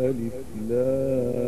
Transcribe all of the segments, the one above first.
ألف لام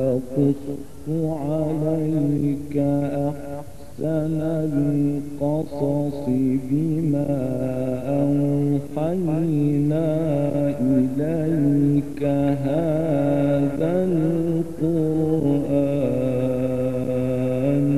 لقصت عليك أحسن القصص بما أوحينا إليك هذا القرآن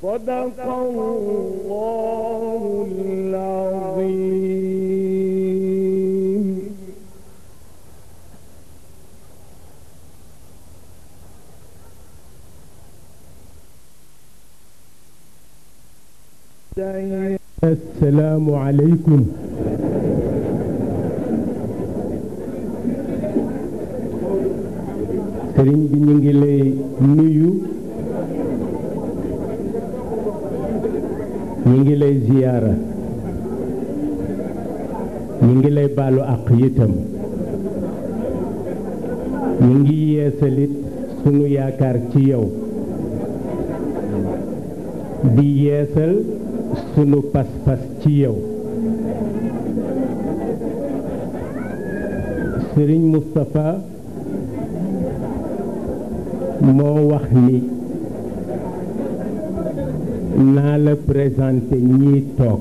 صدق الله العظيم السلام عليكم sëriñ bi نيو mi ngi lay ziyaara ñi ngi lay baalu àq yitam ñi ngi yeesalit sunu yaakaar ci yow bi yeesal sunu pas-pas ci yow Sëriñ Moustapha moo wax ni naa la présenté ñii toog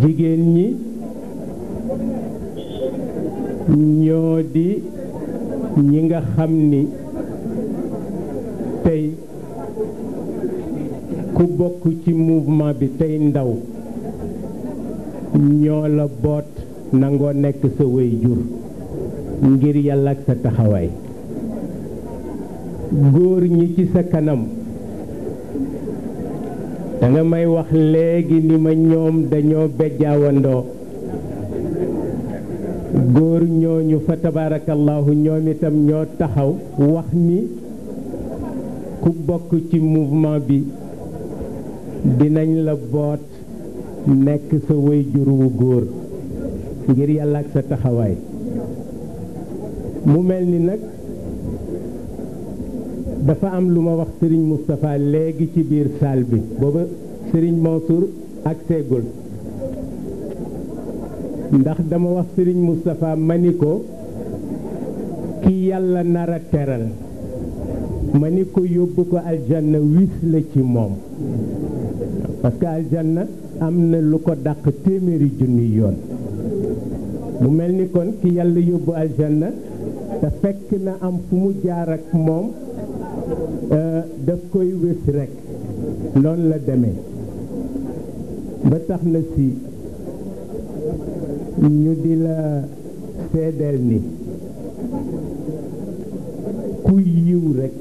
jigéen ñi ñoo di ñi nga xam ni tey ku bokk ci mouvement bi tey ndaw ñoo la boot nangoo nekk sa wéy jur ngir yàlla ak sa taxawaay góor ñi ci sa kanam da nga may wax léegi ni ma ñoom dañoo bejjaawandoo góor ñooñu fa tabaarakallaahu ñoom itam ñoo taxaw wax mi ku bokk ci mouvement bi dinañ la boot nekk sa waajur wu góor ngir yàlla sa taxawaay mu mel ni nag dafa am lu ma wax Serigne Moustapha léegi ci biir salle bi booba Serigne Mansour ak seegul ndax dama wax Serigne Moustapha ma ni ko ki yàlla nar teral ma ni ko yóbbu ko aljanna wis la ci moom parce que am na lu ko dàq téeméeri junni yoon mu mel ni kon ki yàlla yóbbu aljanna te fekk na am fu mu jaar ak moom Euh, daf koy wis rekk loon la deme ba tax na ci ñu di la seedeel ni ku yiw rekk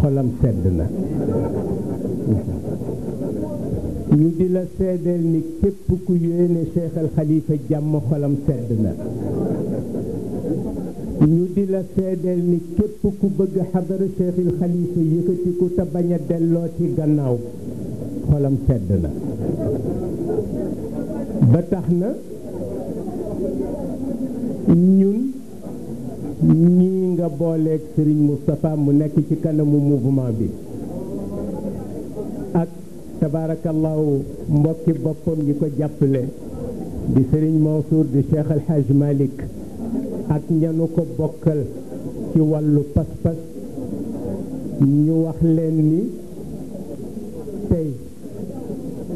xolam sedd na ñu di la seedeel ni képp ku yéene Cheikh Al jàmm xolam sedd na ñu di la seedeel ni képp ku bëgg xadara cheikhil xalifa yëkkatiku te bañ delloo ci gannaaw xolam sedd na ba tax na ñun ñii nga booleek Serigne Moustapha mu nekk ci kanamu mouvement bi ak tabaarakallaahu mbokki boppam yi ko jàppale di Serigne Mansour di Cheikh Alhaj Malick ak ñanu ko bokkal ci wàllu pas-pas ñu wax leen ni tey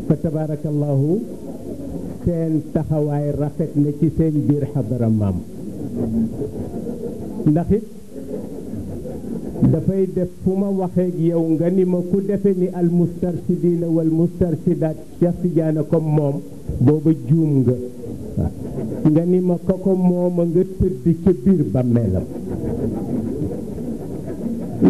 fa tabarakallahu seen taxawaay rafet na ci seen biir xabara maam ndax it dafay def fu ma waxeeg yow nga ni ma ku defe ni al mustarsidiina wal mustarsidaat Cheikh Tidiane comme moom booba juum nga nga ni ma ko ko mooma nga tëdd ca biir bàmmeelam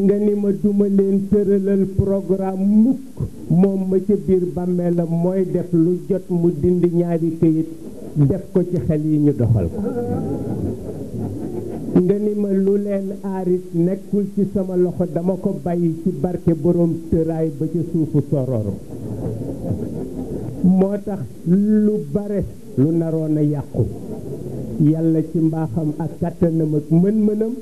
nga ma duma leen tëralal programme mukk moom ma ca biir bàmmeelam mooy def lu jot mu dindi ñaari kayit def ko ci xel yi ñu doxal ko nga ni ma lu leen aarit nekkul ci sama loxo dama ko bàyyi ci barke borom tëraay ba ca suufu sororo moo tax lu bare lu naroon a yàqu yàlla ci mbaaxam ak kàttanam ak mën-mënam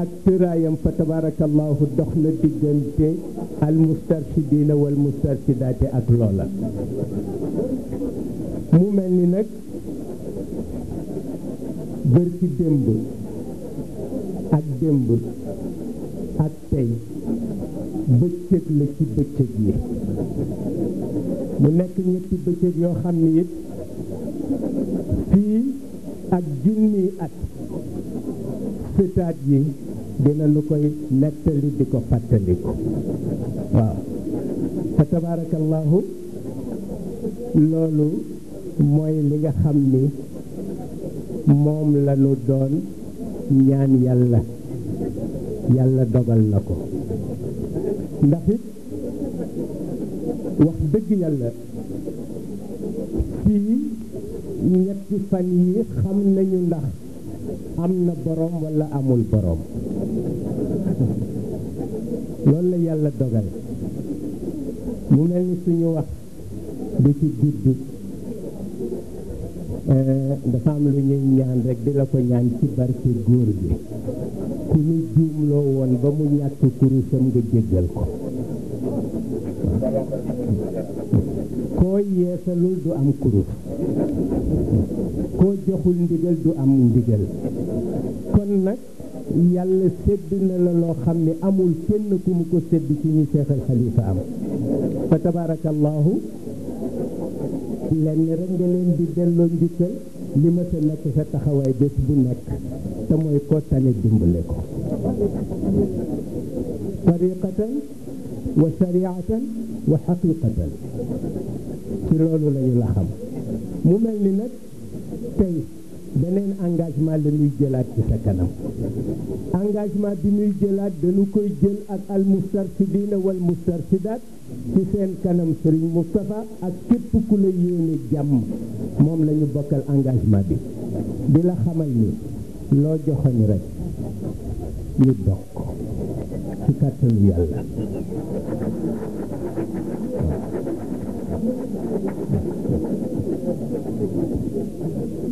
ak tëraayam fa tabarakallahu dox na diggante al mustarshidina wal mustarshidaati ak loola mu mel ni nag bër ci démb ak démb ak tey bëccëg la ci bëccëg yi mu nekk ñetti bëccëg yoo xam ni it fii ak junni at sëtaat yi dina lu koy nettali di ko fàttaliku waaw fa tabaarakallaahu loolu mooy li nga xam ni moom la ñu doon ñaan yàlla yàlla dogal na ko ndax wax dëgg yàlla fii ñetti fan yi xam nañu ndax am na borom wala amul borom loolu la yàlla dogal mu mel ni suñu wax du ci gudd eh, dafa am lu ñuy ñaan rek di la ko ñaan ci barke góor bi ku ñu juumloo woon ba mu ñàkk kurusam nga jéggal ko koo yeesalul du am kurus koo joxul ndigal du am ndigal kon nag yàlla sedd na la loo xam ne amul kenn ku mu ko sedd ci ñu seexal xalifa am fa tabarakallahu lenn rek nga leen di delloo njukkal li ma sa nekk sa taxawaay bés bu nekk te mooy ko tane dimbale ko tariqatan wa shariatan wa xaqiqatan ci loolu la la xam mu mel ni nag tey beneen engagement lañuy jëlaat ci sa kanam engagement bi ñuy jëlaat dañu koy jël ak al mustarsidiina wal mustarsidaat ci seen kanam Serigne Moustapha ak képp ku la yéene jàmm moom lañu bokkal engagement bi di la xamal ni loo joxoñ rek ñu dox ci kàttanu yàlla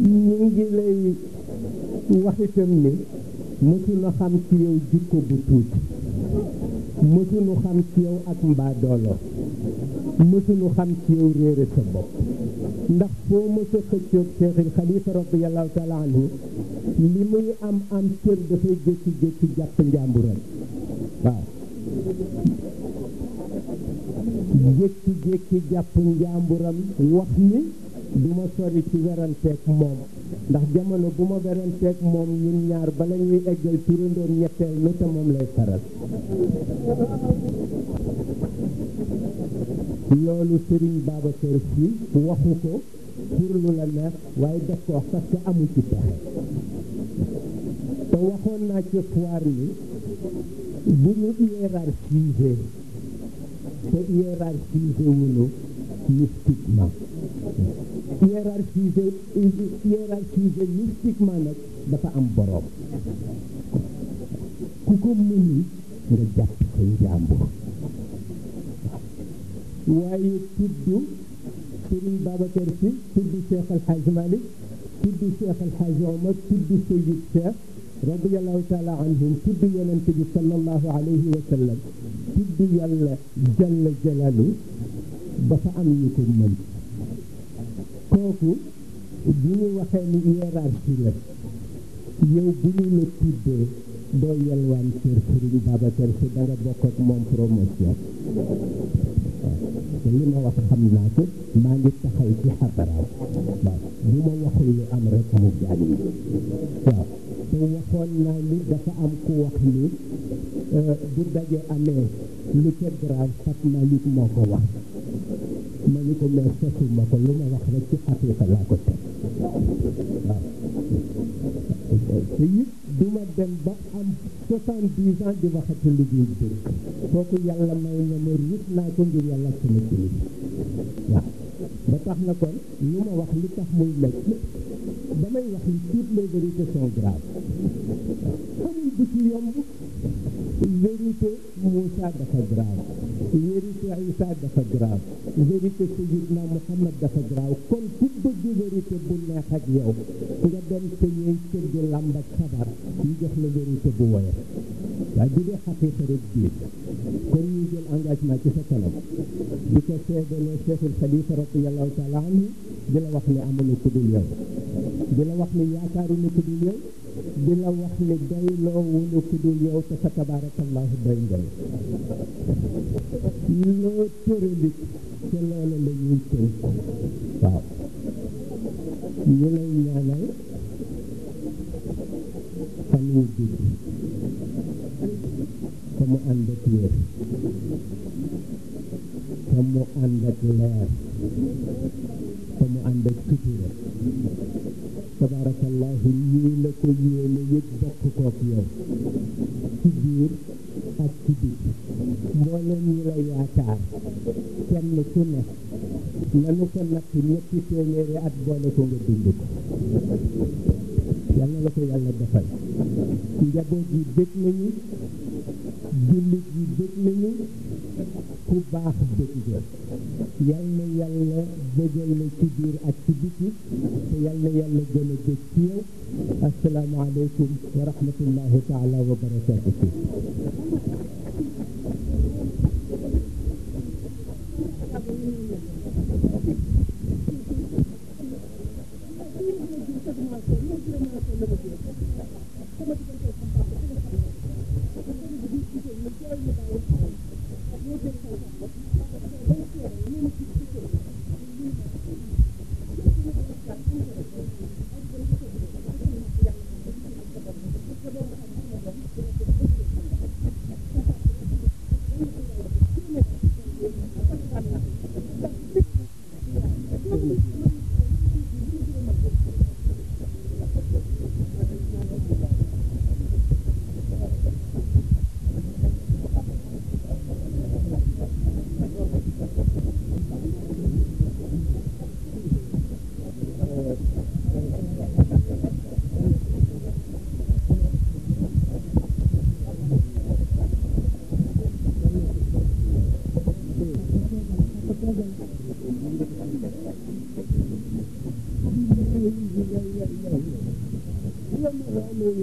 ñu ngi lay wax itam ni mësuñu xam ci yow jikko bu tuuti mësuñu xam ci yow ak mbaadoolo mësuñu xam ci yow réere sa bopp ndax foo mësa xëccoog seexil xalifa radiyallahu taala anhu li muy am am cër dafay jékki-jékki jàpp njàmburam wax ni duma sori ci weranteeg moom ndax jamono bu ma weranteeg moom ñun ñaar bala ñuy eggal turandoom ñetteel lu te moom lay faral loolu Serigne Babacar Sy waxu ko pour lu la neex waaye def ko wax parce que amu ci pexe te waxoon naa ci foire yi bu ñu hiérarchisé te hiérarchisé wuñu mystiquement hiérarchisé hiérarchisé mystiquement nag dafa am boroom ku ko mënul nga jàpp sa njàmbur waaye tudd Serigne Babacar Sy tudd Cheikh El Hadj Malick tudd Cheikh El Hadj Omar tudd Seydou Cheikh radiallahu taala anhum tudd yonent bi sallallahu alayhi tudd yàlla jalla jalalu dafa am ñu ko kooku bi ñu waxee ni hiérarchie la yow bu ñu la tuddee doo yelwaan kër Serigne Babacar Sy da nga bokk ak moom promotion te li ma wax xam naa ko maa ngi taxaw ci xataraam waaw bu ma waxul lu am rek mu gaañ yi waaw te waxoon naa ni dafa am ku wax ni euh, bu daje amee lu ca grave Fatma Lig moo ko wax ma ni ko mais sosuma ko lu ma wax rek ci xaqiqa laa ko teg waaw te du ma dem ba am 70 ans di waxati lu dul dëgg kooku yàlla may na ma naa ko ngir yàlla sama kilifa waaw ba tax na kon lu ma wax li tax muy métti damay wax li toutes les vérités sont graves xamul bu ci yomb vérité Moussa dafa grave vérité Issa dafa grave vérité Seydina Mouhamad dafa grave kon ku bëgg vérité bu neex ak yow nga dem te ñuy tëgg lamb ak sabar ñu jox la vérité bu woyof waaye bu dee xaqiqa rek biir kon ñu jël engagement ci sa kanam di ko seedale cheikhul xalifa radiallahu taala anhu di la wax ne amuñu ku dul yow di la wax ne yaakaaruñu ku dul yow di la wax ne day loo wulu ku yow te fa tabarakallahu doy ngay loo tëralit te loola la ñuy tënk waaw ñu lay ñaanal famille bi te ànd ak wér te ànd ak leer te ànd ak sutura tabarakallahu ñii la ko yéene yëpp bokk kook yow ci biir ak ci biir mboolem ñi la yaakaar kenn ku ne nanu ko natt ñetti téeméeri at boole ko nga dund ko yàlla la ko yàlla defal njaboot yi bëgg nañu jullit yi bëgg nañu ku baax bëgg nga yal na yàlla bëggal la ci biir ak ci biti te yal na yàlla gën a bëgg ci yow asalaamaaleykum wa rahmatullahi taala wa barakatuhu Thank you.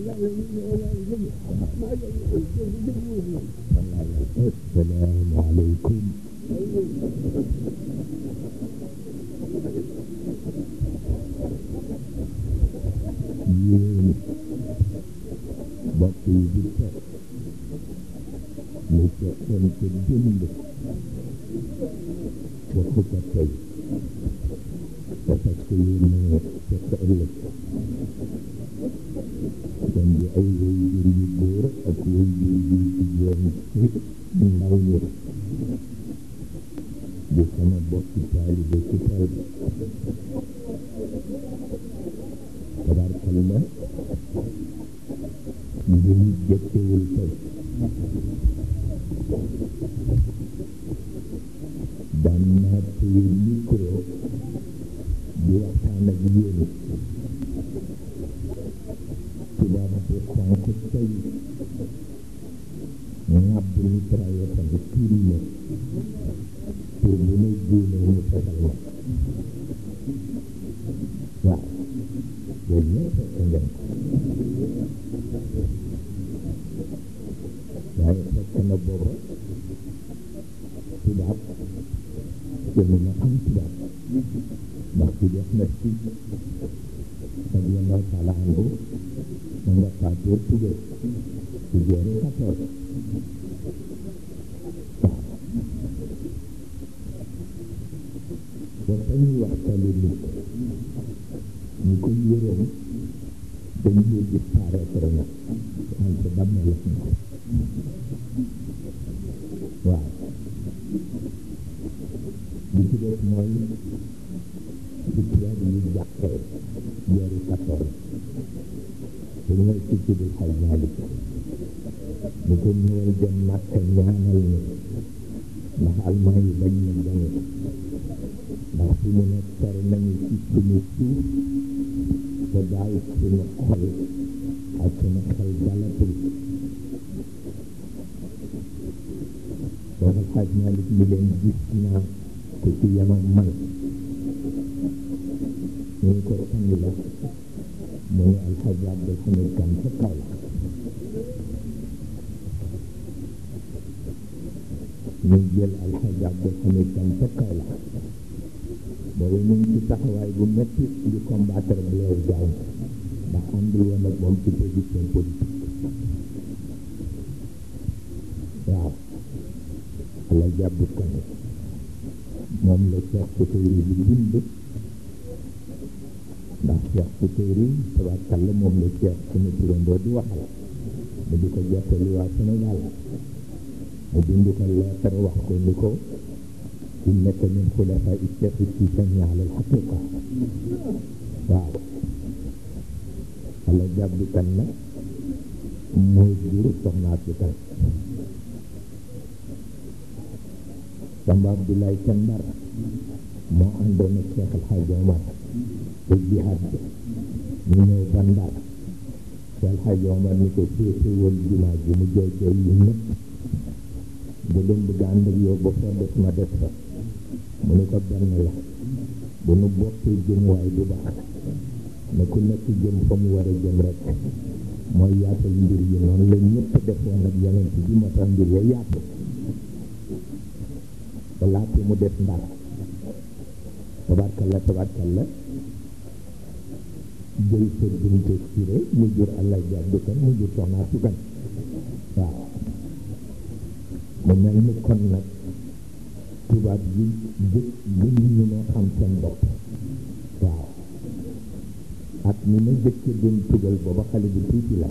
Yeah. alhamdulillah ñu jël alxaj abdul hamid kan ca kaw la boobu mu ngi ci taxawaay bu metti di combattre ndax woon ak moom ci position politique waaw alxaj abdul kan moom la Cheikh Soutouri bi bind ndax Cheikh Soutouri tabakkalla moom la Cheikh sunu turandoo di waxal di ko jottali waa Sénégal mu bind ko leetar wax ko ni ko innaka min xulafa ittaqi sani ala alxaqiqa waaw ala jàbbi kan la mooy jur soxnaat bi kan samba abdoulaye ca ndar moo àndoon ak cheikh alxaaji omar bu doon bëgg ànd ak yow ba foo des ma des fa mu ne ko benn la bu nu bokkee jëm waay bu baax ne ku nekk jëm fa mu war a jëm rek mooy yaatal mbir yi noonu la ñëpp defoon ak yeneen ci moo tax mbir ya yaatu walaate mu des ndar tabarkalla tabarkalla jël sa bunte siré mu jur allah jàddu kan mu jur soxnaa sukan mu mel ni kon nag tubaab yi gë gën ñu noo xam seen bopp waaw ak ni ma jëkke doon tugal booba xale bu tuuti la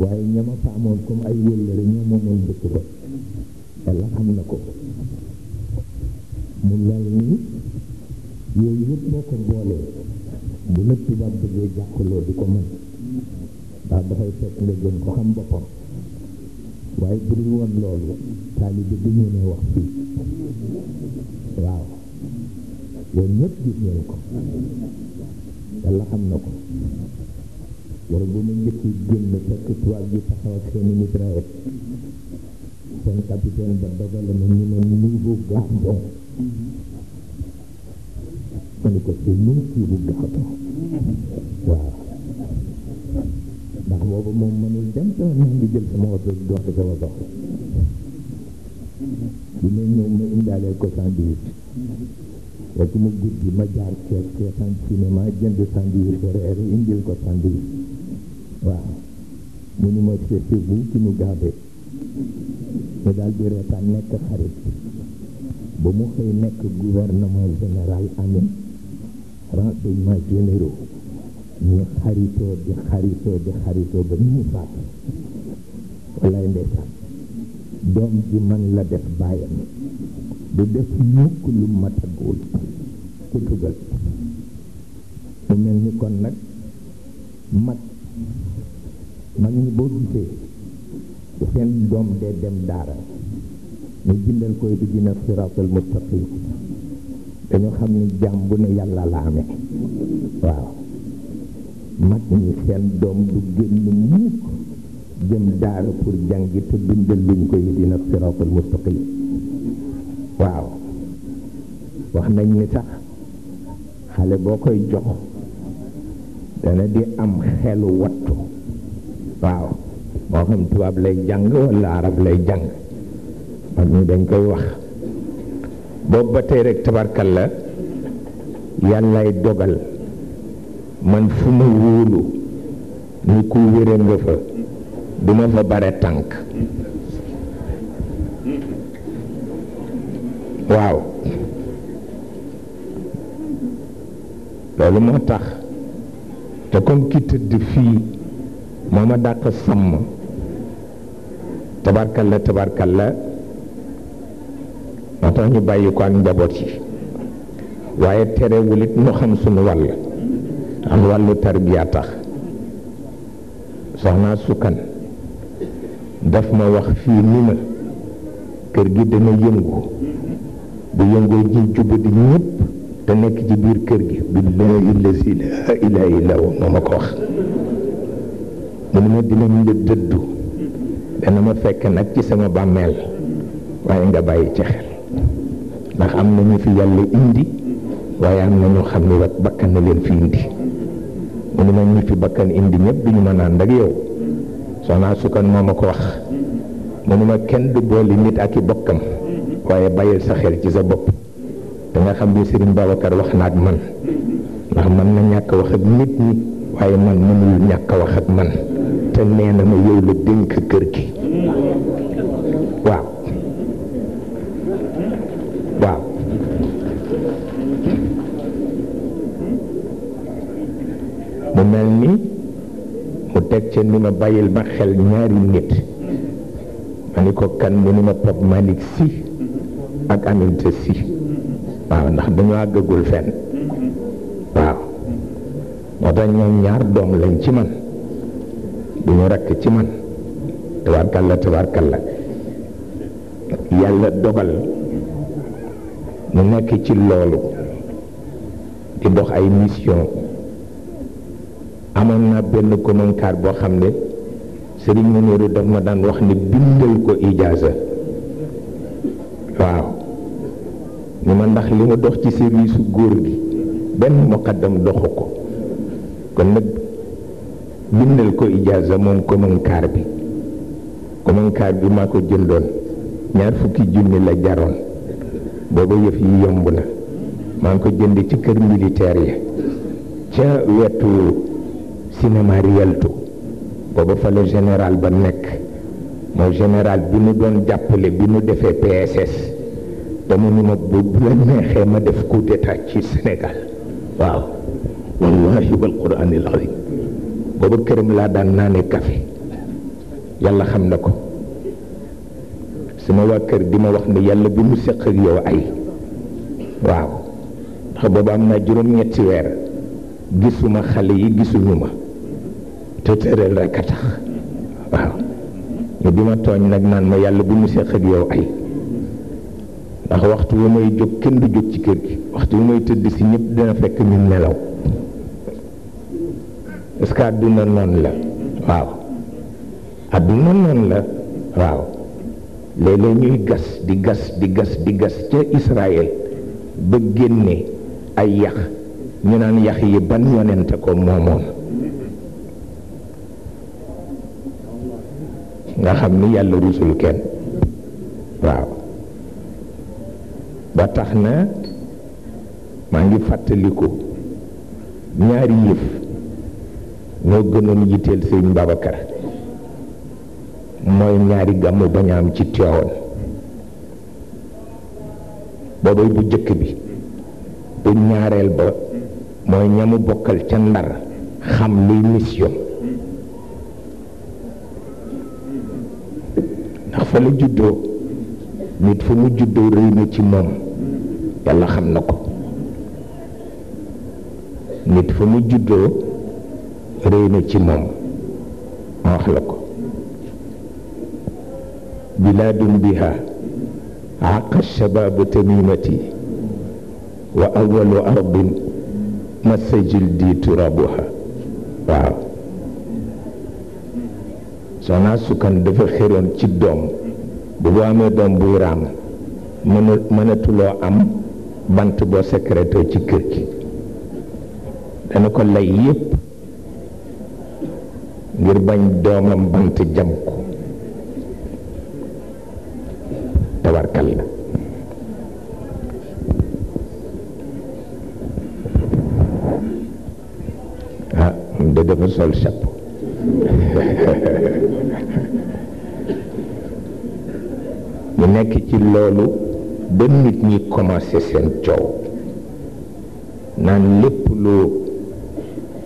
waaye ñama fa amoon comme ay wëllëre ñoo moomoon dëkk ba yàlla xam na ko mu mel ni yooyu yëpp boo ko boolee bu la tubaab bëggee jàkkaloo di ko mën ndax dafay fekk nga gën ko xam boppam waaye bu dul woon loolu taalibe du ñu ne wax fii waaw loolu ñëpp gis ngeen ko yàlla xam na ko wala bu mu njëkk génn fekk tubaab yi taxaw ak seen mitraillette seen ba dogal ñu ne niveau gardon mu ne ko c'est niveau gardon boobu moom mënul dem te maa ngi jël sama oto doxi sama dox dina ñëw ma indaalee ko sandwich rek mu guddi ma jaar ceeb seetaan cinéma jënd sandwich reer indil ko sandwich waaw mu ñu ma seeti bu ci ñu gaabe ñu daal reetaan nekk xarit ba mu xëy nekk gouvernement général amee renseignements généraux ñu xaritoo di xaritoo di xaritoo ba ni mu faatu wallaay ndeysaan doom ji man la def bàyyam du def mukk lu ma tagguwul ku tugal mu mel ni kon nag mat mag ñi boo lu seen doom dee dem daara ñu jindal koy du dina siraatal mustaqim dañu xam ni jaam bu ne yàlla la amee waaw mag ñi seen doom du génn mukk jëm daara pour jàngi te bindal luñ ko ihdina siraatal mustaqim waaw wax nañ ni sax xale boo koy jox dana di am xelu wattu waaw moo xam tubaab lay jàng wala arab lay jàng mag ñi dañ koy wax boobu ba tey rek tabarkal la yàllaay dogal man fu ma wóolu ni ku wére nga duma fa bare tànk waaw loolu moo tax te comme ki tëdd fii moo ma dàq sàmm tabarkalla tabarkalla moo tax ñu bàyyi ko ak njaboot yi waaye terewul it ñu xam sunu wàll am wàllu tarbiya tax soxnaa sukkan daf ma wax fii ni ma kër gi dana yëngu bu yëngoo ji jubadi ñëpp te nekk ci biir kër gi billahi lazi la ilaha moo ma ko wax mu ne ma dinañ dëddu dana ma fekk nag ci sama bàmmeel waaye nga bàyyi ci xel ndax am na ñu fi yàlla indi waaye am na ñoo xam ne wat bakkan na leen fi indi mu ni ma ñi bakkan indi ñëpp duñu mën naan ànd ak yow soxna su kan moo ma ko wax mu ma kenn du booli nit ak i bokkam waaye bàyyil sa xel ci sa bopp da xam ne Serigne Babacar wax na ak man ndax man na ñàkk wax ak nit ñi waaye man mënul ñàkk wax ak man te nee na ma yow la dénk kër gi mu mel ni mu teg ca ni ma bàyyil ma xel ñaari nit ma ni ko kan mu ni ma Pape Malick Sy ak Aminata Sy waaw ndax dañoo àggagul fenn waaw moo tax ñoom ñaar doom lañ ci man du ñu rakk ci man tabarkalla tabarkalla yàlla dogal mu nekk ci loolu di dox ay mission amoon naa benn commentaire boo xam ne sëriñ Muniru daf ma daan wax ni bindal ko ijaaza waaw ni ma ndax li mu dox ci service góor gi benn muqaddam doxu ko kon nag bindal ko ijaaza moom commentaire bi commentaire bi maa ko jëndoon ñaar fukki junni la jaroon booba yëf yi yomb na maa ngi ko jënd ci kër militaire yi ca wetu cinéma Rialto booba fa la général ba nekk mooy général bi nu doon jàppale bi nu defee PSS dama ni ma bu la neexee ma def coup d'état ci Sénégal waaw wallahi laa daan naane café yàlla xam na ko sama waa kër di ma wax bi mu seq ak yow ay waaw ndax booba am naa juróom-ñetti weer gisuma xale yi gisuñu ma te tëral rek a tax waaw ñu di ma tooñ nag naan ma yàlla bu ñu seq ak yow ay ndax waxtu bu may jóg kenn du jóg ci kër gi waxtu bu may tëdd si ñëpp dina fekk ñu nelaw est àdduna noonu la waaw àdduna noonu la waaw léeg ñuy gas di gas di gas di gas ca Israël ba génne ay yax ñu naan yax yi ban yonente ko moomoon nga xam ni yàlla rusul kenn waaw ba tax na maa ngi fàttaliku ñaari yëf ñoo gënoon yitteel sëñ Babacar mooy ñaari gàmmu bañ ci Tiwaawan boobay bu jëkk bi bu ñaareel ba mooy ñamu bokkal ca ndar xam luy mission fa la juddoo nit fu mu juddoo rëy na ci moom yàlla xam na ko nit fu mu juddoo rëy na ci moom ma wax la ko bilaadun biha aqa shabaab tamimati wa awalu ardin massa jildi turabuha waaw soxna sukkan dafa xëroon ci doom bu boo amee doom buy ràng mënu mënatuloo am bant boo secréto ci kër gi dana ko lay yépp ngir bañ doomam bant jam ko tabarkal la ah de dafa sol sa ñu nekk ci loolu ba nit ñi commencé seen coow naan lépp lu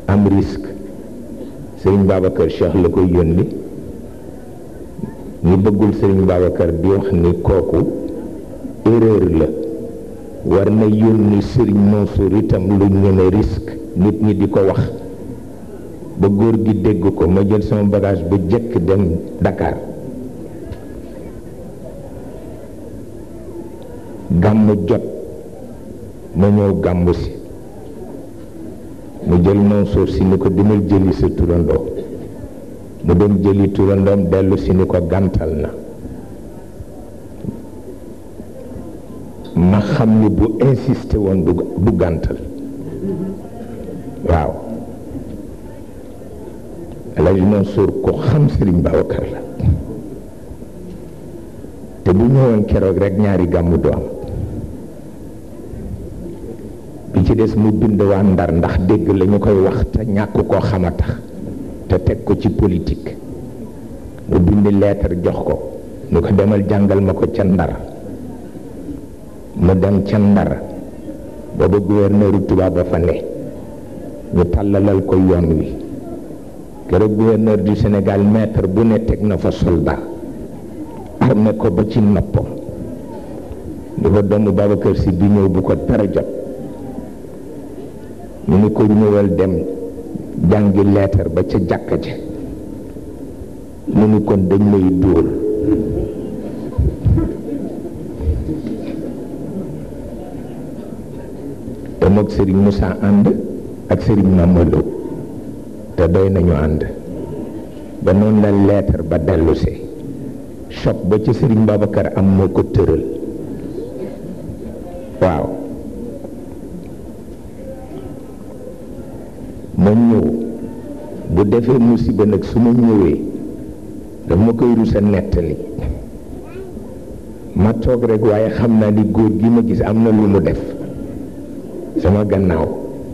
am risque sëriñ Babacar Cheikh la ko yónni ñu bëggul sëriñ Babacar di wax ni kooku erreur la war na yónni sëriñ Mansour itam lu ñu ne nit ñi di ko wax ba góor gi dégg ko ma jël sama bagage bu jëkk dem Dakar gàmm jot ma ñëw gàmm si mu jël Mansour si ni ko demal jëli sa turandoo mu dem jëli turandoom dellu si ni ko gàntal na ma xam ni bu insisté woon du gàntal waaw Alaaji Mansour ko xam Sëriñ Babacar la te bu ñëwoon keroog rek ñaari gàmmu doom ci dess mu bind wa ndar ndax deg la koy wax te ñak ko xama tax te tek ko ci politique mu bind lettre jox ko ñu ko demal jangal mako ci ndar mu dem ci ndar bu gouverneur tuba ba fa ne ñu talalal ko yoon wi keroog gouverneur du Sénégal maître bu ne tek na fa soldat armé ko ba ci noppam ni ko Babacar si bi ñëw bu ko jot mu ni ko ñëwal dem jàngi leetar ba ca jàkka ja mu ni kon dañ lay dóor te moog Serigne Moussa ànd ak Serigne Mamadou te doy nañu ànd ba noonu la leetar ba dellusee choc ba ci Serigne Babacar am moo ko tëral defee musiba nag su ma ñëwee dama koy rusa nettali ma toog rek waaye xam naa ni góor gi ma gis am na lu mu def sama gannaaw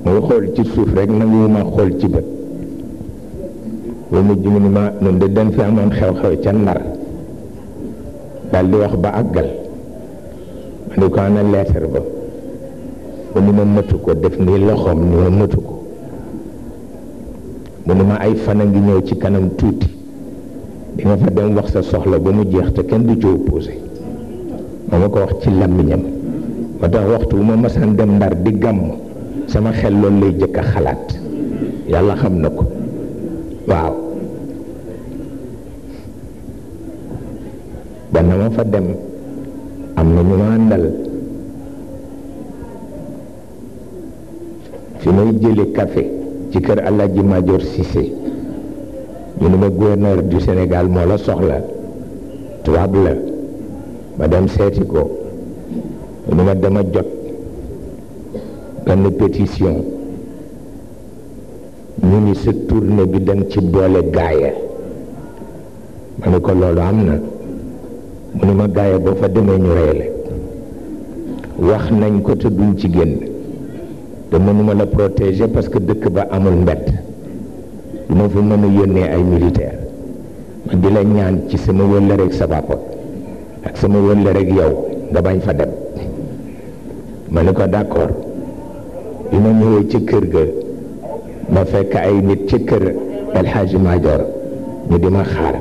muy xool ci suuf rek nangu ma xool ci bët ba mujj mu ni ma noonu de dañ fi amoon xew-xew ca Ndar daal wax ba àggal ma ni ko ana leetar ba mu ni ma mëtu ko def nii loxoom ni ma mëtu mu ne ma ay fan a ngi ñëw ci kanam tuuti di nga fa dem wax sa soxla ba mu jeex te kenn du ci opposé moo ma ko wax ci làmmiñam ma tax waxtu bu ma masaan dem ndar di gàmm sama xel loolu lay jëkk a xalaat yàlla xam na ko waaw ba na ma fa dem am na ñu ma àndal fi may jële café ci kër Alaaji Major Cissé ñu ne gouverneur du Sénégal moo la soxla tubaab la ma dem seeti ko mu ne ma dama jot benn pétition ñu ni sa tournée bi dem ci boole gaaya ma ne ko loolu am na mu ne ma gaaya boo fa demee ñu rey la wax nañ ko te duñ ci génn te mënuma la protéger parce que dëkk ba amul mbett du ma mën a yónnee ay militaire ma di la ñaan ci sama wëllëre ak sa papa ak sama wëllëre ak yow nga bañ fa dem ma ne ko d'accord li ma ñëwee ci kër ga ma fekk ay nit ci kër El Hadj Major ñu di ma xaar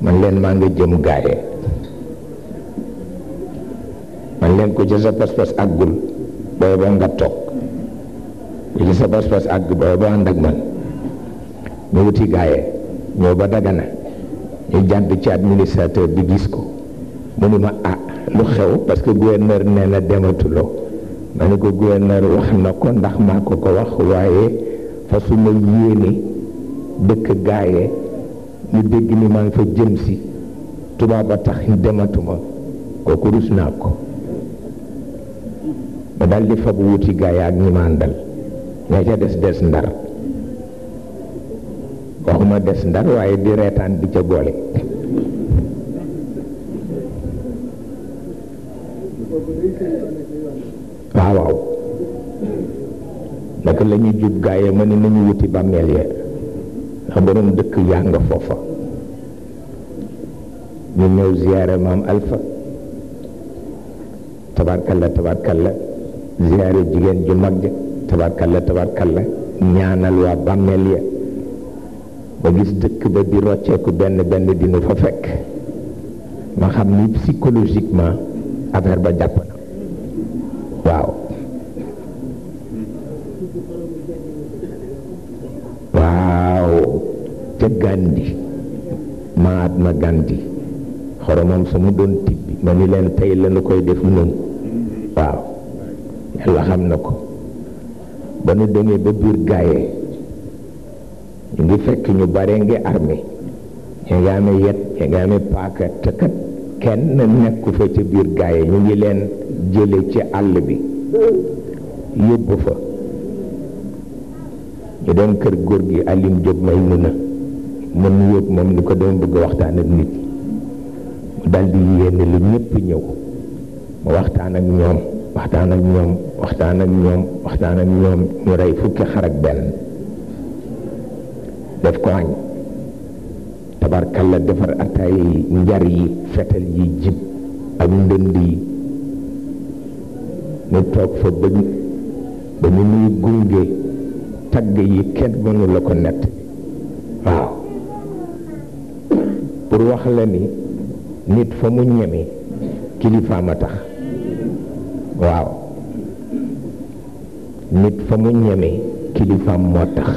man leen maa nga jëm gaayee man leen ko ci sa pas-pas àggul booy ba nga toog li sa bas bas àgg ba ba ànd ak man ñu wuti gaaye ñoo ba dagana ñu jàdd ci administrateur bi gis ko mu ni ma ah lu xew parce que gouverneur nee na dematuloo ma ni ko gouverneur wax na ko ndax maa ko ko wax waaye fa su ma yéene dëkk gaaye ñu dégg ni maa ngi fa jëm tubaab a tax dematuma kooku rus naa ko ma daldi fab wuti gaaye ak ñi ma àndal ña ca des des ndar waxuma des ndar waaye di reetaan di ca boole waaw waaw naka la ñuy jub gaaye ma ni nañu wuti bàmmeel ya ndax dëkk yaa nga foofa ñu ñëw ziyaare maam alfa tabarkalla la ziyaare jigéen ju mag ja tabarkalla tabarkalla ñaanal waa bàmmeel ya ba gis dëkk ba di rocceeku benn benn dinu fa fekk ma xam ni psychologiquement affaire ba jàpp na waaw waaw ca gàndi maatma gàndi xoromam sama doon tibbi ma ni leen tey lanu koy def noonu waaw yàlla xam na ko ba nu demee ba biir gaaye ñu ngi fekk ñu bare ngi armé ñu ngi amee yet ñu ngi amee paaka te kenn nekku fa ci biir gaaye ñu ngi leen jële ci àll bi yóbbu fa ñu dem kër góor gi Alim Diop may mun a mën nu yóbbu moom ni ko doon bëgg waxtaan ak nit mu daldi yéene lu ñëpp ñëw mu waxtaan ak ñoom waxtaan ak ñoom waxtaan ak ñoom waxtaan ak ñoom ñu rey fukki xar ak benn def ko añ tabarkalla defar ataay yi njar yi fetal yi jib ak ndënd yi ñu toog fa ba ba ñu gunge tagg yi kenn mënu ko nett waaw pour wax la ni nit fa mu ñeme kilifaam a tax waaw nit fa mu ñeme kilifaam moo tax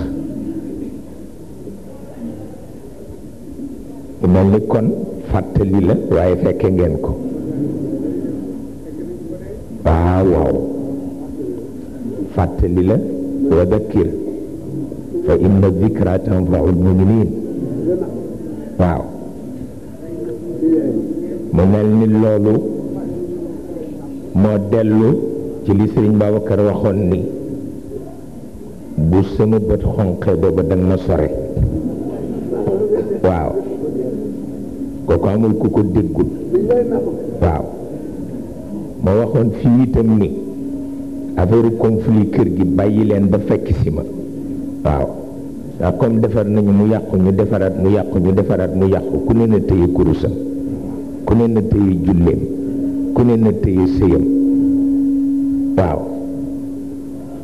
mu mel ni kon fàttali la waaye fekke ngeen ko waaw ah, waaw fàttali la wa dakkir fa inna dikra tanfaul muminin waaw mu mel ni loolu moo dellu ci li sëriñ Babacar waxoon ni bu sama bët xonqee booba danga ma sore waaw kooku amul ku ko déggul waaw ma waxoon fii itam ni affaire conflit kër gi bàyyi leen ba fekk si ma waaw ndax comme defar nañu mu yàqu ñu defaraat mu yàqu ñu defaraat mu yàqu ku ne na tëye kurusam ku ne na tëye julleem ku ne na téye sëyam waaw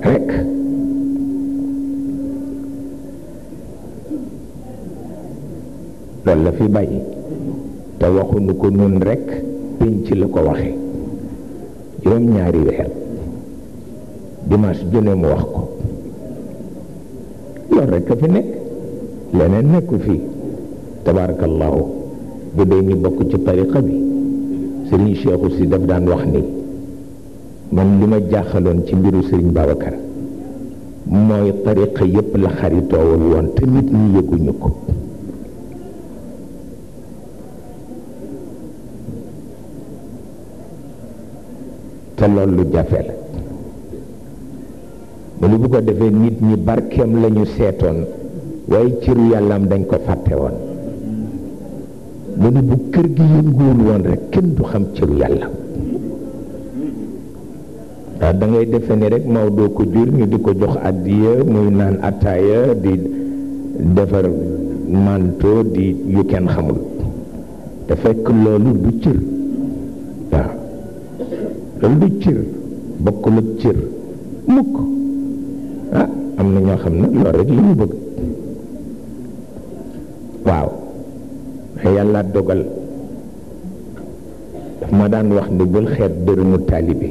rekk loolu la fi bàyyi te waxuñu ko nun rekk ci la ko waxe juróom ñaari weer dimanche junne wax ko lool rekk a fi nekk leneen nekku fii tabarakallahu bu dee ñu bokk ci tariqa bi sëriñ Cheikhou si daf daan wax ni man li ma jaaxaloon ci mbiru sëriñ Babacar mooy tariqa yépp la xaritoowul woon te nit ñi yëguñu ko te loolu jafe la mu ni bu ko defee nit ñi barkeem lañu seetoon waaye ciru yàllaam dañ ko fàtte woon mu ne bu kër gi yënguwul woon rek kenn du xam cëru yàlla waaw dangay defe ni rek Maodo ko jur ñu di ko jox addiya muy naan ataaya di defar manto di yu kenn xamul te fekk loolu du cër waaw loolu du cër bokkul ak cër mukk ah am na ñoo xam ne loolu rek li bëgg yàlla dogal daf ma daan wax ni bul xeet dërëmu taalibe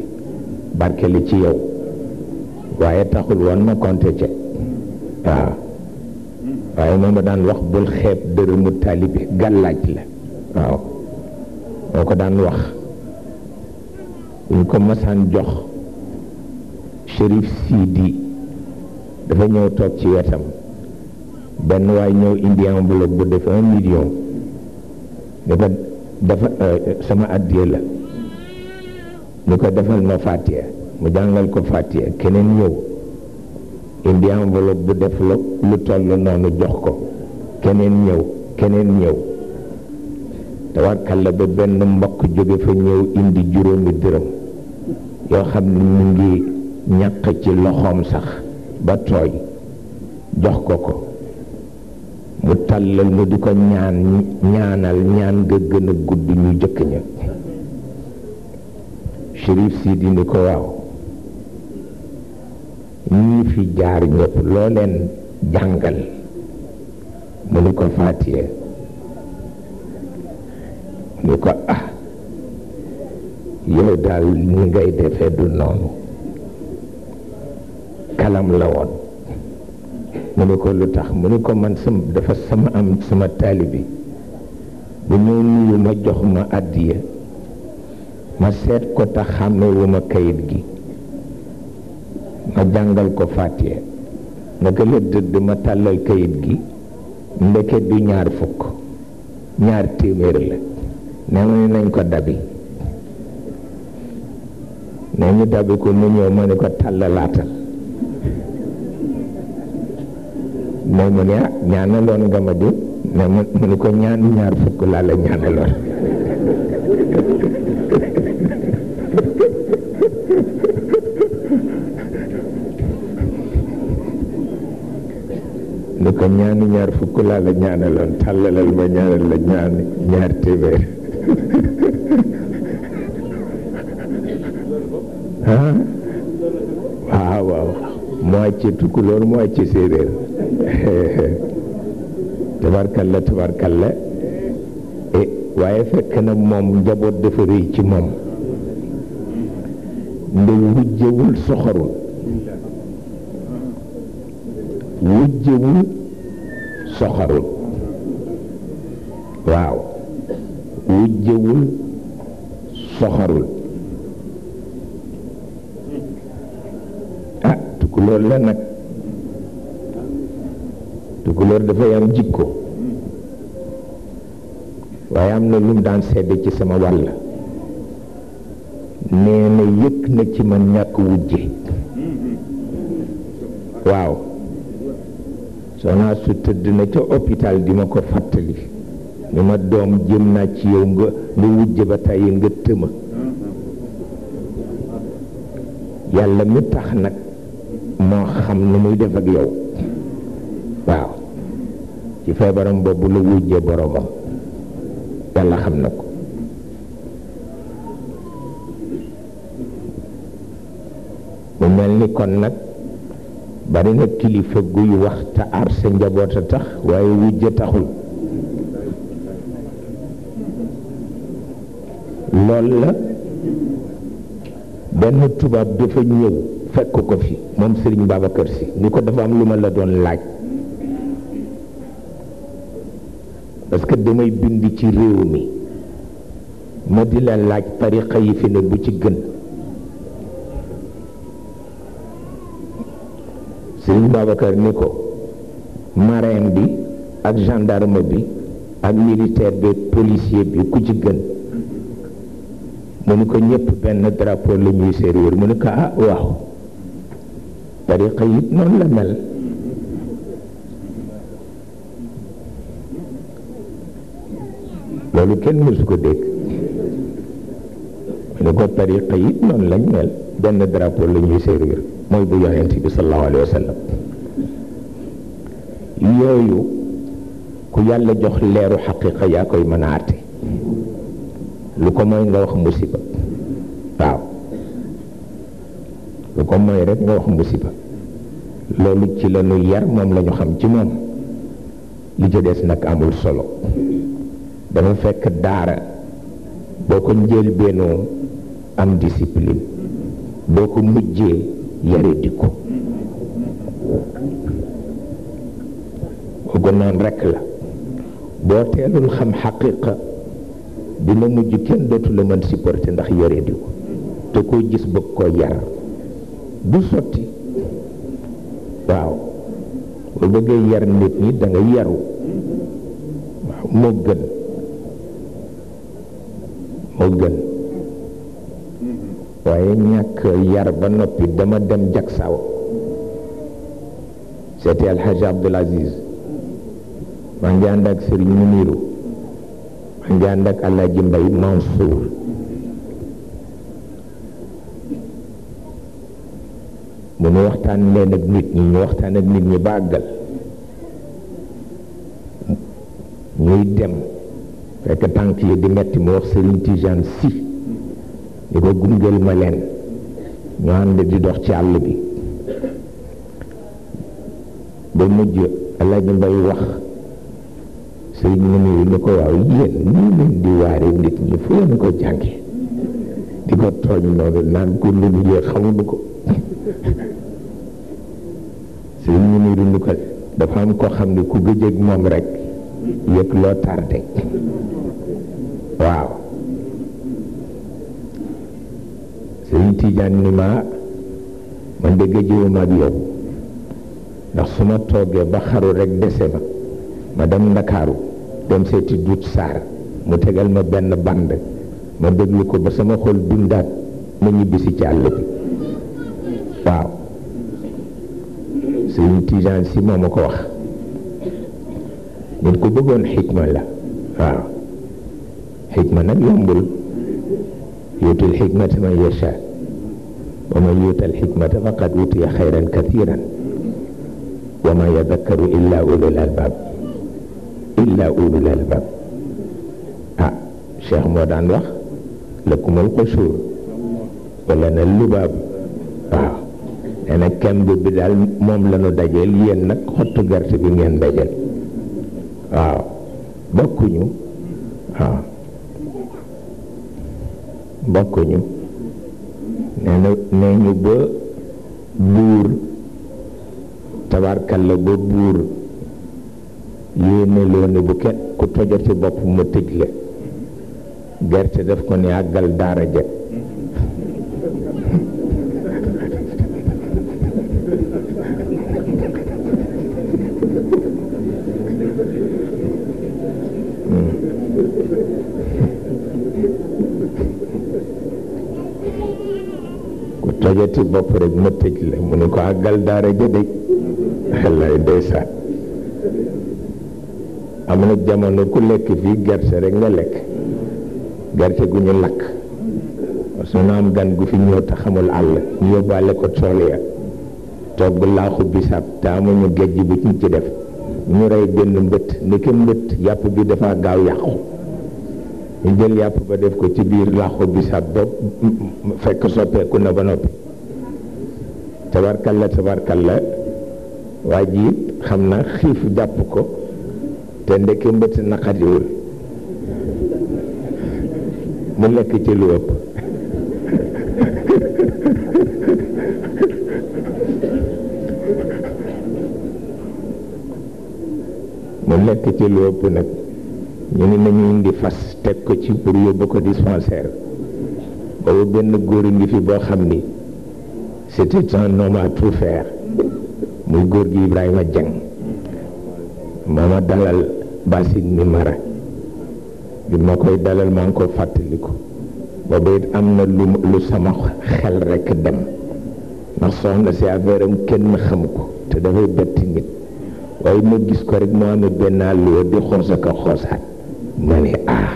barke li ci yow waaye taxul woon ma compter ca waaw waaye moom ma daan wax bul xeet dërëmu taalibe gàllaaj la waaw moo ko daan wax ñu ko masaan jox Chérif Sidi dafa ñëw toog ci wetam benn waaye ñëw indi enveloppe bu def un million dafa dafa euh, sama addiya la ñu ko defal ma fàttiya mu jàngal ko fàttiya keneen ñëw indi enveloppe bu def la lu toll noonu jox ko keneen ñëw keneen ñëw tawakkal la ba benn mbokk jóge fa ñëw indi juróomi dërëm yoo xam ne mu ngi ñàq ci loxoom sax ba tooy jox ko ko mu tàllal nu di ko ñaan ñaanal ñaan ga gën gudd ñu jëkk ña Chérif Sidi ni ko waaw ñii fi jaar ñëpp loo leen jàngal mu ni ko faatiye ni ko ah yow daal ni ngay defee du noonu kalam la woon mu ne ko lu tax mu ni ko man sama dafa sama am sama taalibi bu ñëw nuyu ma jox ma àddiya ma seet ko tax xàmmewu ma kayit gi ma jàngal ko fàtte naka la dëdd ma tàllal kayit gi ndeke du ñaar fukk ñaar téeméer la ne ma ne nañ ko dabi ne ñu dabi ko mu ñëw ma ne ko tàllalaatal moom mu ne ah ñaanaloon nga ma di ne mu ne ko ñaanu ñaar fukk laa la ñaanaloon ne ko ñaanu ñaar fukk laa la ñaanaloon tàllalal ma ñaanal la ñaan ñaar téeméer ah waaw waaw moo ci tukkulóor moo ci séeréer tabarkalla tabarkalla e waaye fekk na moom njaboot dafa rëy ci moom nde wujjewul soxorul wujjewul soxorul nag dafay am jikko waaye am na lu mu daan sedd ci sama wàll nee na yëg na ci man ñàkk wujje waaw soxna su tëdd na ca hôpital di ma ko fàttali ni ma doom jëm naa ci yow nga nga wujje ba tàyyi nga tëma yàlla mi tax nag moo xam ni muy def ak yow ci feebaram boobu la wujje boromam yàlla xam na ko mu mel ni kon nag bari na kilifa guy wax te aar sa njaboot a tax waaye wujje taxul lool la benn tubaab dafa ñëw fekk ko fi moom Serigne Babacar Sy ni ko dafa am lu ma la doon laaj parce que damay bind ci réew mi ma di la laaj tariqa yi fi ne bu ci gën Sëriñ Babacar ni ko marin bi ak gendarme bi ak militaire bi policier bi ku ci gën mu ni ko ñëpp benn drapeau la ñuy mu ni ko ah waaw tariqa yi noonu la mel loolu kenn mësu ko dégg mu ko tariqa yi noonu lañ mel benn drapeau la ñuy servir mooy bu yonent bi sallallahu alayhi wa yooyu ku yàlla jox leeru xaqiqa yaa koy mën lu ko mooy nga wax musiba waaw lu ko mooy rek nga wax musiba loolu ci la ñu yar moom la ñu xam ci moom li ci des nag amul solo dafa fekk daara boo ko njëlbeenoo am discipline boo ko mujjee yare di ko boo noon rekk la boo teelul xam xaqiqa dina mujj kenn dootu la mën supporter ndax yare di ko te koo gis bëgg koo yar du sotti waaw boo bëggee yar nit ñi da yaru moo gën moo gën waaye ñàkk yar ba noppi dama dem jagsaaw seeti alxaji abdul aziz maa ngi ànd ak sëriñ muniru maa ngi ànd ak alaaji mbay mansuur mu nu waxtaan leen ak nit ñi ñu waxtaan ak nit ñi ba àggal ñuy dem fekk tànk yi di metti mu wax Serigne Tijane si ni ko gungeel ma leen ñu ànd di dox ci àll bi ba mujj la ñu bay wax Serigne Mouniru ni ko waaw yéen lii leen di waare nit ñi fu leen ko jànge di ko tooñ noonu naan ko lu ñu yee xamuñu ko Serigne Mouniru ni ko dafa am koo xam ne ku gëj moom rek yëg loo tardé Tidiane ni ma man de géejewuma ak yow ndax su ma toogee ba xaru rek dese ma ma dem ndakaaru dem seeti duut saar mu tegal ma benn band ma déglu ko ba sama xol dundaat ma ñibbisi ci àll bi waaw sëñ Tidiane si moo ma ko wax nit ku bëggoon xikma la waaw xikma nag yombul yootul xikmata man yasha ومن يؤت الحكمة فقد أوتي خيرا كثيرا وما يذكر إلا أولي الألباب إلا أولي الألباب آه شيخ مودان وخ لكم القشور ولنا اللباب آه أنا كم ببدال موم لنو دجل ينك خط غرس بنيان دجل آه بكونيو آه بكونيو nee na nee ñu ba buur tabarkalla ba buur yéene loo ne bu kenn ku tojati bopp mu tëj la gerte def ko ni àggal daara ja tojati bopp rek ma tëj mu ne ko àggal daara ja dëj wallaay gerte rek nga lekk gerte gu ñu lakk su na am gan gu fi ñëw te xamul àll ñu yóbbaale ko tool ya togg laaxu bi def ñu rey benn jël yàpp ba def ko ci biir laaxu bisaab ba fekk soppeeku na ba noppi tabarkalla la waa ji xam na xiif jàpp ko te ndeke mbëtt naqariwul mu lekk ci lu ëpp nag ñu ne nañu indi fas teg ko ci pour yóbbu ko dispensaire boobu benn góor ngi fi boo xam ni c'était un homme à tout muy góor gi Ibrahima Dieng mooma dalal Bassine mi mara bi ma koy dalal maa ngi ko fàttaliku booba it am na lu lu sama xel rekk dem ndax soxna si affaire am kenn xam ko te dafay betti nit waaye ma gis ko rek moo amee benn àlluwa di xoosa ko xoosaat ma ne ah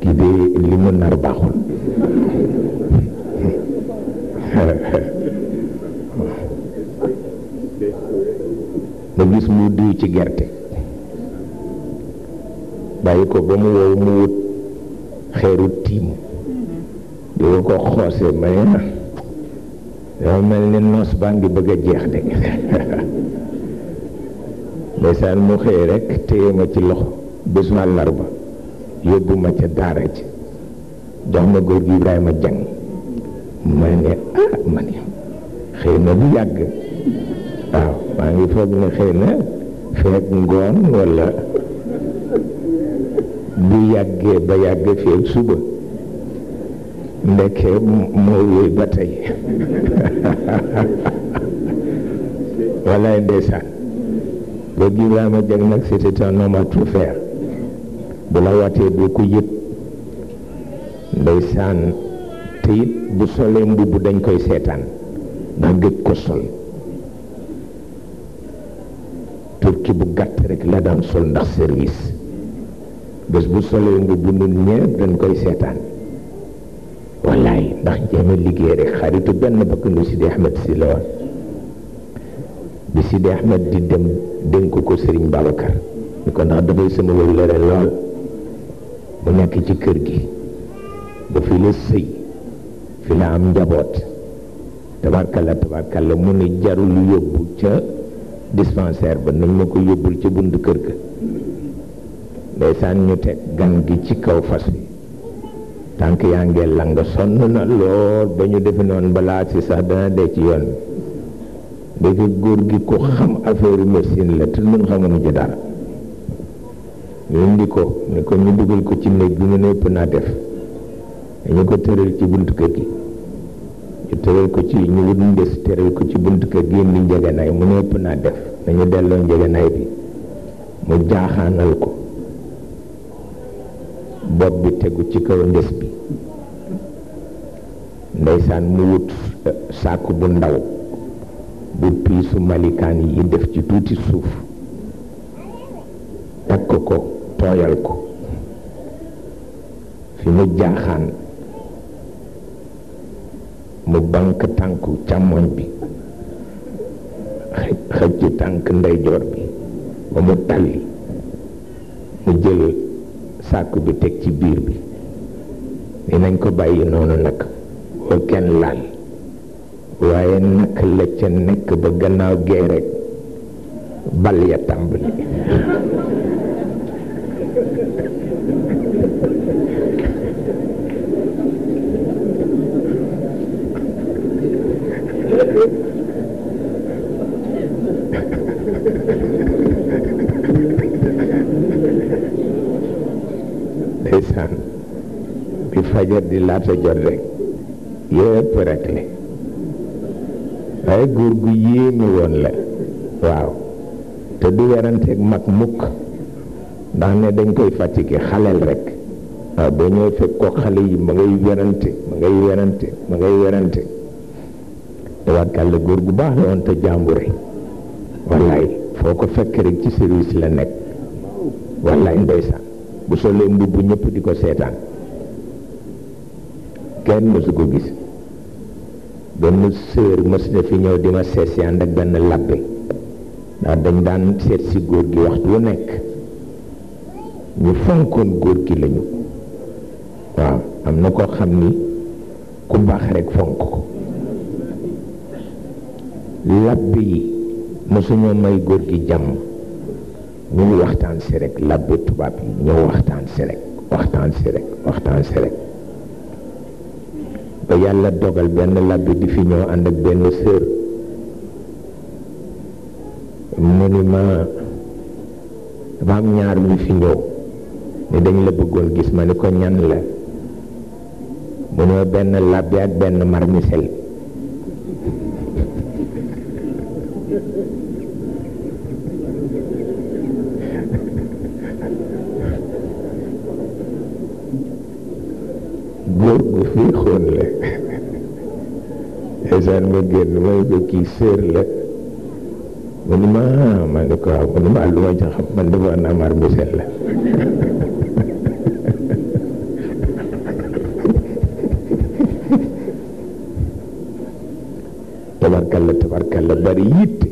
kii de li mu nar baaxul nga gis mu diw ci gerte bàyyi ko ba mu wow mu wut xeeru tiim di nga ko xoosee ma ne ah, dafa mel ni noos baa ngi bëgg a jeex de ndeysaan mu xëy rek téye ma ci loxo bésu àllarba yóbbu ma ca daara ji jox ma góor gi Ibrahima Jang ma ne ah ma ne xëy na du yàgg waaw maa ngi foog ne xëy na feeg ngoon walla bu yàggee ba yàgg feeg suba ndekkee moo wéy ba tey wallaay ndeysaan góor gi Ibrahima Jang nag c'était un homme à tout faire bu la watee doo ko yëpp ndeysaan te bu solee mbubb dañ koy seetaan daa gëj ko sol turki bu gàtt rek la daan sol ndax service bés bu solee mbubb nun ñëpp dañ koy seetaan wallaay ndax jéema liggéey rek xaritu benn bakkanu Sidi Ahmed si la woon bi Sidi Ahmed di dem dénk ko Serigne Babacar ni ko ndax dafay sama wëy la lool mu nekk ci kër gi ba fi la sëy fi la am njaboot tabarkalla tabarkalla mu ne jarul yóbbu ca dispensaire ba nañ ma ko yóbbul ca bunt kër ga ndeysaan ñu teg gan gi ci kaw fas wi tànk yaa ngee lang sonn na lool ba ñu defe balaa si sax dana dee ci yoon bi ndeke góor gi ku xam affaire médecine la te nun xamuñu ci dara ñu indi ko ne ko ñu dugal ko ci néeg bi mu ne ëpp naa def dañu ko tëral ci buntu kër gi tëral ko ci ñu wut ndés tëral ko ci buntu kër gi indi njëganaay mu ne ëpp naa def nañu delloo njëganaay bi mu jaaxaanal ko bopp bi tegu ci kaw ndés bi ndeysaan mu wut eh, sàkk bu ndaw bu piisu malikaan yi def ci tuuti suuf takk ko tooyal ko fi mu jaaxaan mu bank tànku càmmoñ bi xëcc tànk ndeyjoor bi ba mu talli mu jël sàkku bi teg ci biir bi dinañ ko bàyyi noonu nag boo kenn laal waaye nag la ca nekk ba gannaaw gee bal ya tàmbali ndeysaan bi fajar di laata jot rek yépp rek le waaye góor gu yéeme woon la waaw te du weranteeg mag mukk ndax ne dañ koy fatigué xaleel rek waaw ba ñëw fekk ko xale yi ma ngay werante ma ngay werante ma ngay werante waat gàll gor gu bax la won te jàmbure wallahi foko fekk rek ci service la nek wallahi ndeysaan bu solee mbubb ñëpp ñepp ko sétan kenn mësu ko gis ben sœur mës na fi ñew di ma seet si ak ben labbe da dañ daan sét si gor gi waxtu wu nek ñu fonkon gor gi lañu waaw am na ko xamni ku bax rek fonko làbb yi mosuñoo may góor gi jàmm ñu ngi waxtaan si rek làbbi tubaab yi ñoo waxtaan si rek waxtaan si rek ba yàlla dogal benn làbbi di fi ñoo ànd ak benn sër mu ni ma dafa am ñaar ñu fi ñëw ni dañ la bëggoon gis ma ni ko ñan la mu ne benn làbbi ak benn marmisel nga génn ma ne ko kii la mu naa mar la bari yitte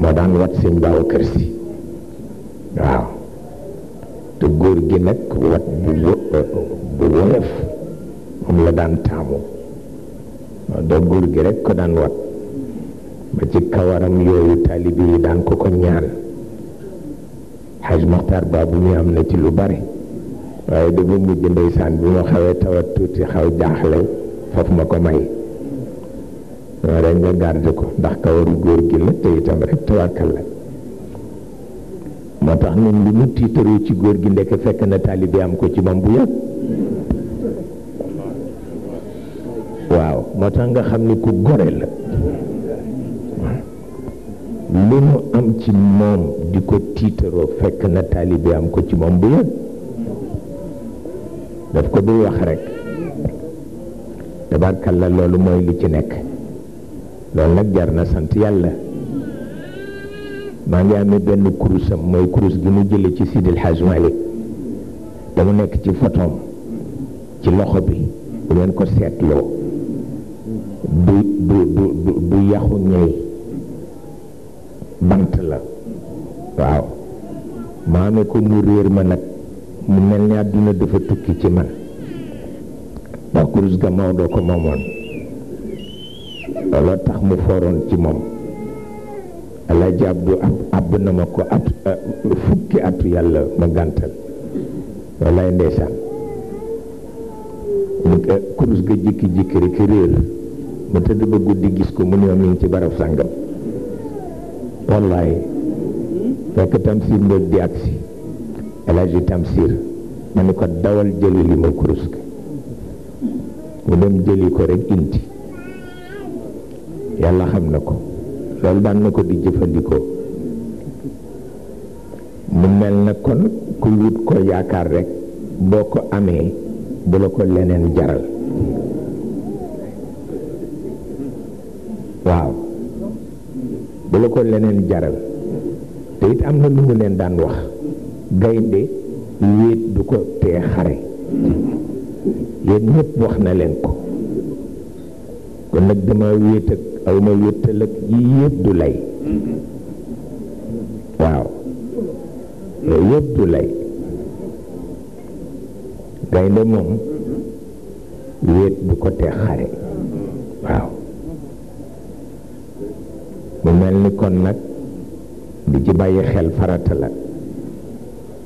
moo daan wat sëñ Babacar Si waaw te góor gi nag wat bu woyof moom la daan taamu doo góor gi rek ko daan wat ba ci kawaram yooyu taalibe yi daan ko ko ñaan xaj maxtaar bu mi am na ci lu bare waaye dafa mujj ndeysaan bi ma xawee tawat tuuti xaw jaaxle faf ma ko may ma rek nga garde ko ndax kawaru góor gi la te itam rek tawakkal la moo tax ñun li mu tiitaroo ci góor gi ndeke fekk na taalibe am ko ci moom bu yàgg moo tax nga xam ni ku gore la li mu am ci moom di ko tiitaroo fekk na taalibe am ko ci moom bu yëg daf ko dul wax rek tabarkalla loolu mooy li ci nekk loolu nag jar na sant yàlla maa ngi amee benn kurusam mooy kurus gi mu jële ci Sidil Hadj damu nekk ci fotoom ci loxo bi bu leen ko seetloo du du du du yaxu ñey bant la waaw maa ne ko mu réer ma nag mu mel ni àdduna dafa tukki ci man ndax kurus ga Maodo ko moomoon looloo tax mu foroon ci moom Alaaji Abdu àbb na ma ko at fukki atu yàlla ma gàntal wallaay ndeysaan kurus ga jikki jikki rek ma tëdd ba guddi gis ko mu ne ma mi ngi ci barab sàngam wallaay fekk tamsiir mbóoj di agsi elaaji tamsiir ma ni ko dawal jëli li ma kurus mu dem jëli ko rek inti yàlla xam na ko loolu daan na ko di jëfandikoo mu mel na kon ku wut ko yaakaar rek boo ko amee bu la ko leneen jaral bu la ko leneen jaral te it am na lu mu leen daan wax gaynde wéet du ko tee xare yéen ñëpp wax na leen ko kon nag dama wéet ak aw ma wéetal ak yi du lay waaw yooyu du lay gaynde moom wéet du ko tee xare waaw mu mel ni kon nag di ci bàyyi xel farata la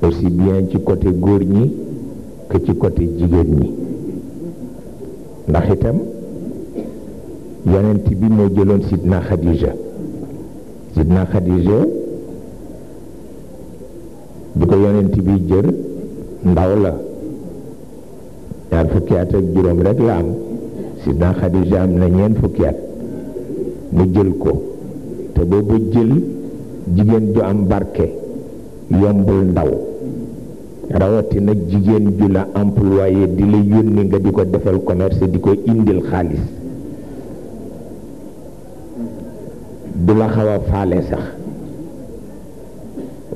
aussi bien ci côté góor ñi que ci côté jigéen ñi ndax itam yonent bi moo jëloon sidna Khadija sidna Khadija bi ko yonent bi jër ndaw la ñaar fukki at ak juróom rek la am sidna Khadija am na ñeent fukki mu jël ko te boobu jël jigéen ju am barke yombul ndaw rawatina jigéen ju la employé di la yónni nga di ko defal commerce di ko indil xaalis du la xaw a faale sax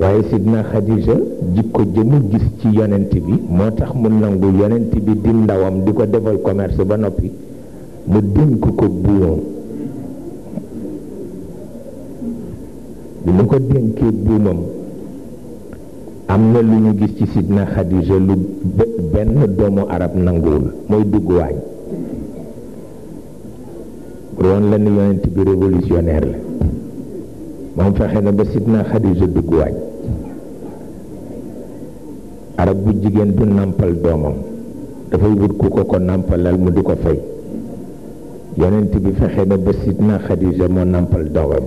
waaye sidna Xadija jikko jëmu gis ci yonent bi moo tax mu nangu yonent bi di ndawam di ko defal commerce ba noppi mu dénk ko buyoon mu ko dénkee buumam am na lu ñu gis ci sidna Xadija lu benn doomu arab nanguwul mooy dugg waañ roon la ni yonent bi révolutionnaire la moom fexe na ba sidna Xadija dugg waañ arab bu jigéen du nàmpal doomam dafay wut ku ko ko nàmpalal mu di ko fay yonent bi fexe na ba sidna Xadija moo nàmpal doomam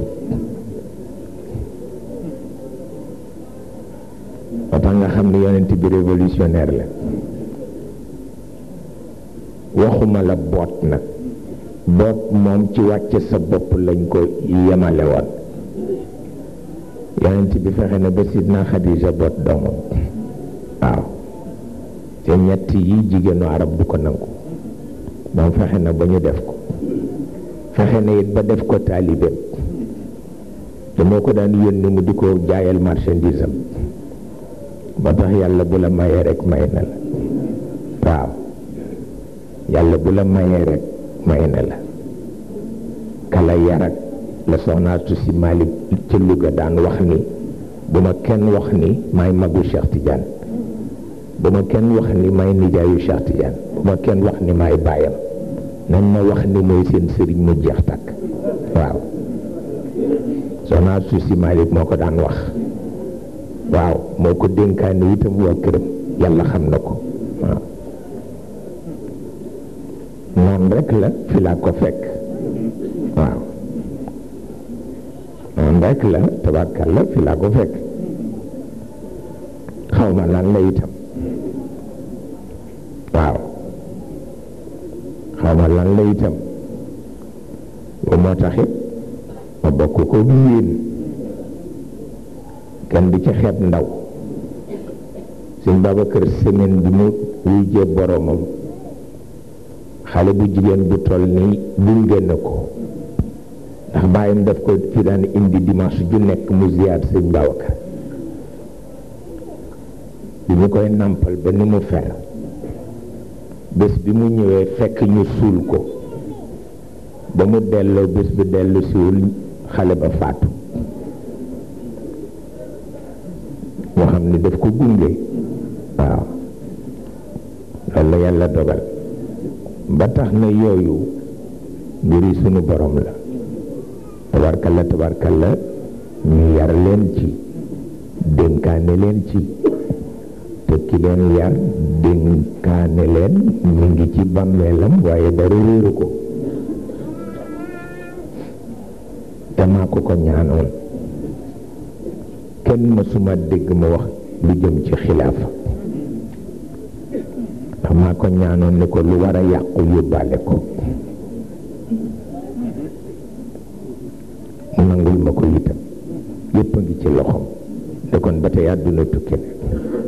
ba tax nga xam ne yonent bi révolutionnaire la waxuma la boot nag boot moom ci wàcce sa bopp lañ ko yemale woon yonent bi fexe na ba sidna Xadija boot doomam waaw te ñett yi jigéenu arab du ko nangu moom fexe na ba ñu def ko fexe na it ba def ko taalibeem te moo ko daan yónni mu di ko jaayal marchandise am Bata yalla bu la mainel, rek may na la waaw yalla bu la rek may si malik ci dan daan wax ni main ma kenn wax ni may magu cheikh tidiane bu ma kenn wax ni may nijaayu cheikh tidiane bu kenn wax ma wax ni seen mu jeex si malik moko ke daan wax waaw moo ko dénkaane itam waa këram yàlla xam na ko waaw noon rek la fi laa ko fekk waaw noon rek la tabaakal la fi laa ko fekk xaw ma lan la itam waaw xaw ma lan la itam ba moo taxit ma bokk ko yéen kenn du ci xeeb ndaw sëñ Babacar semaine bi mu wuy jee boromam xale bu jigéen bu toll ni buñ génn ko ndax bàyyam daf ko fi daan indi dimanche ju nekk mu ziyaar sëñ Babacar bi mu koy nàmpal ba ni mu fer bés bi mu ñëwee fekk ñu suul ko ba mu delloo bés bi dellu xale ba faatu ni daf ko gunge waaw loolu yàlla dogal ba tax na yooyu mbiri sunu borom la tabarkalla tabarkalla ñu yar leen ci dénkaane leen ci te ki leen yar dénkaane leen ñu ngi ci bàmmeelam waaye dara réeru ko te maa ko ko ñaanoon kenn mësuma dégg ma wax lu jëm ci xilaafa xamaa ko ñaanoon ni ko lu war a yàqu yóbbaale ko mu nangul ma ko itam yépp a ngi ci loxoom de kon ba tey àdduna tukki na